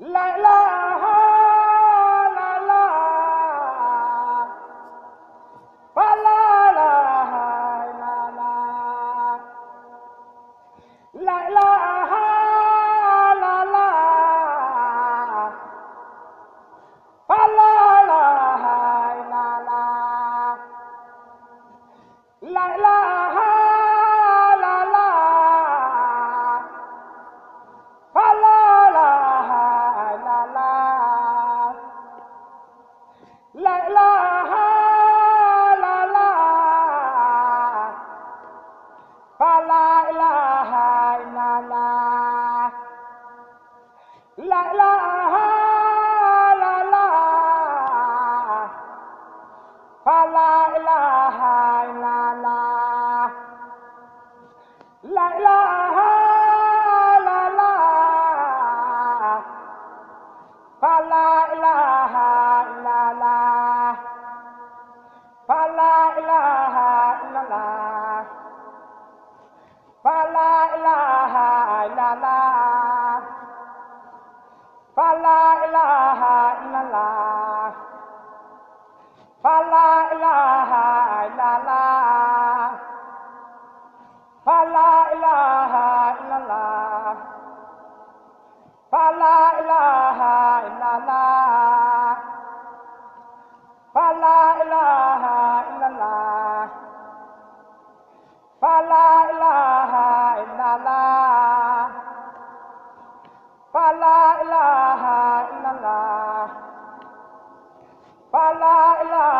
lại là Fa ilaha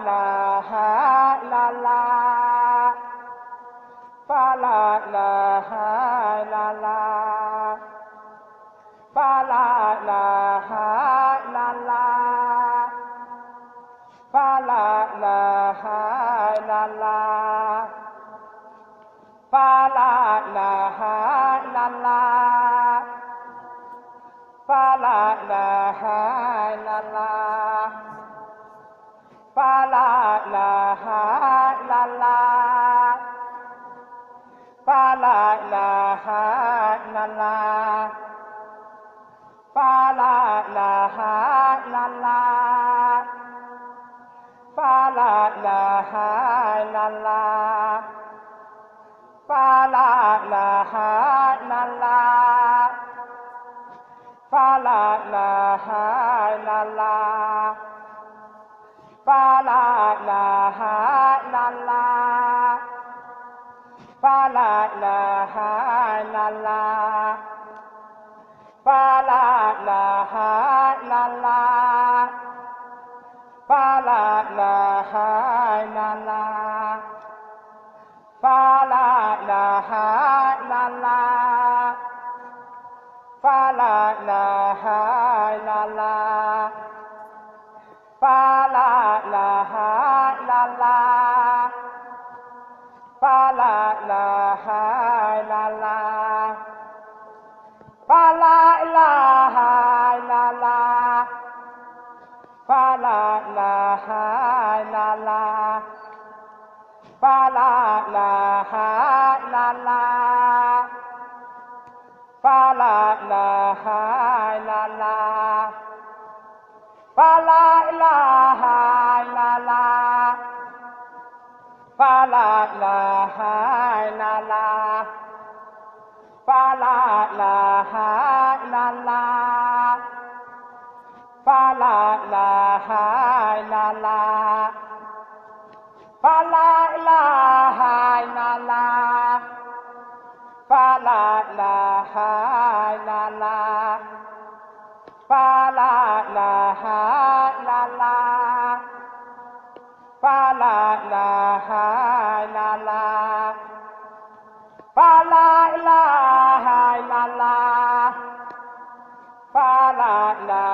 la fa la la la la fa la la ha la,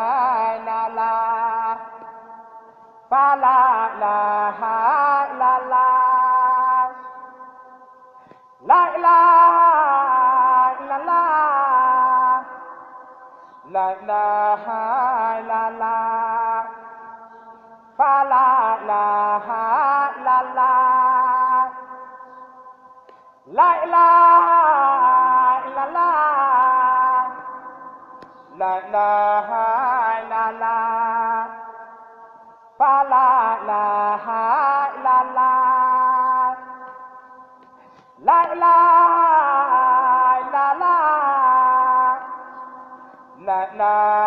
la la la la la la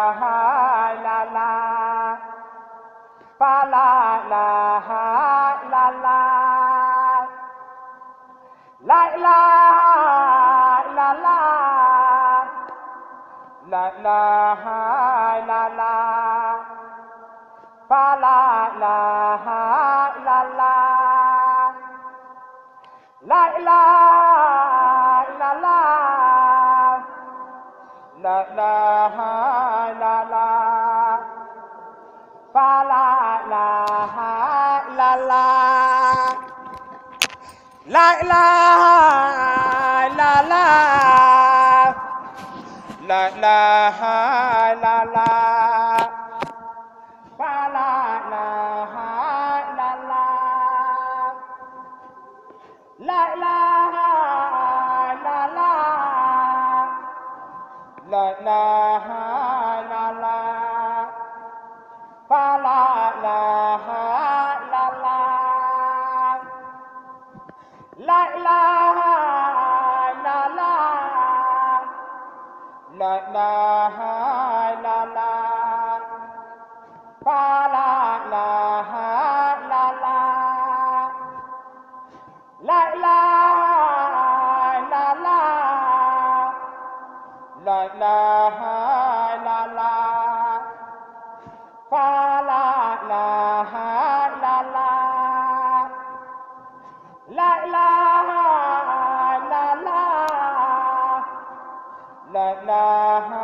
la ilaha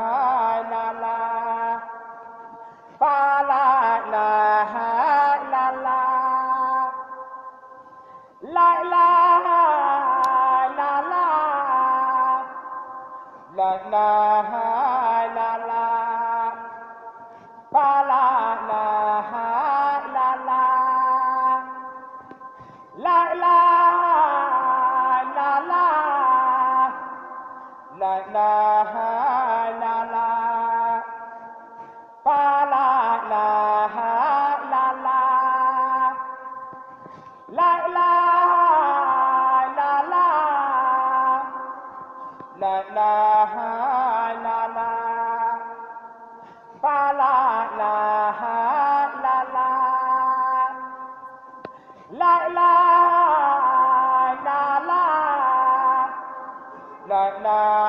la la la la la la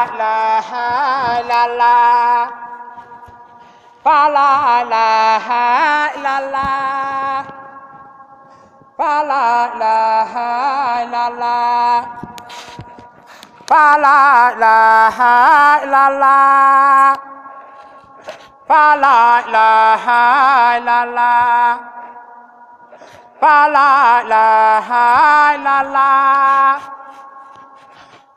la la la fa la la la la fa la la la la fa la la la la fa la la la la fa la la la la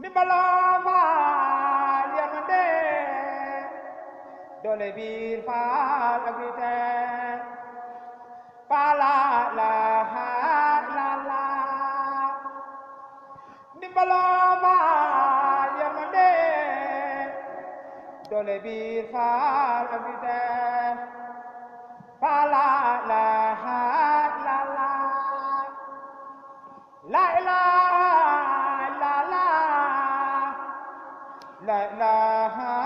Dimbalal doole biir faal ak bi teen faala la la la dimbaloo ma yërmande doole biir faal ak bi teen faala la la la la ilaha la la la ilaha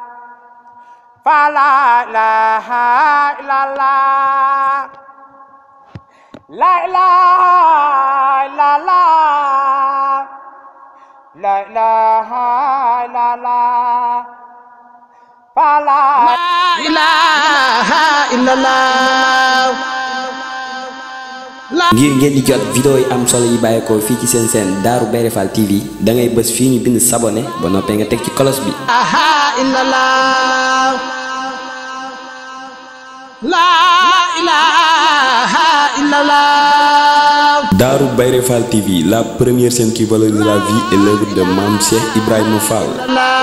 فلا إله إلا الله ngir ngeen di jot vidéo yi am solo yi bàyyeekoo fii ci seen seen Darou Bairé Fall TV da bës fii ñu bind sabonné ba noppee nga teg ci kolos bi. Darou Bayré Fall TV, la première scène qui valorise la vie et l'œuvre de Mamsie Ibrahim Fall.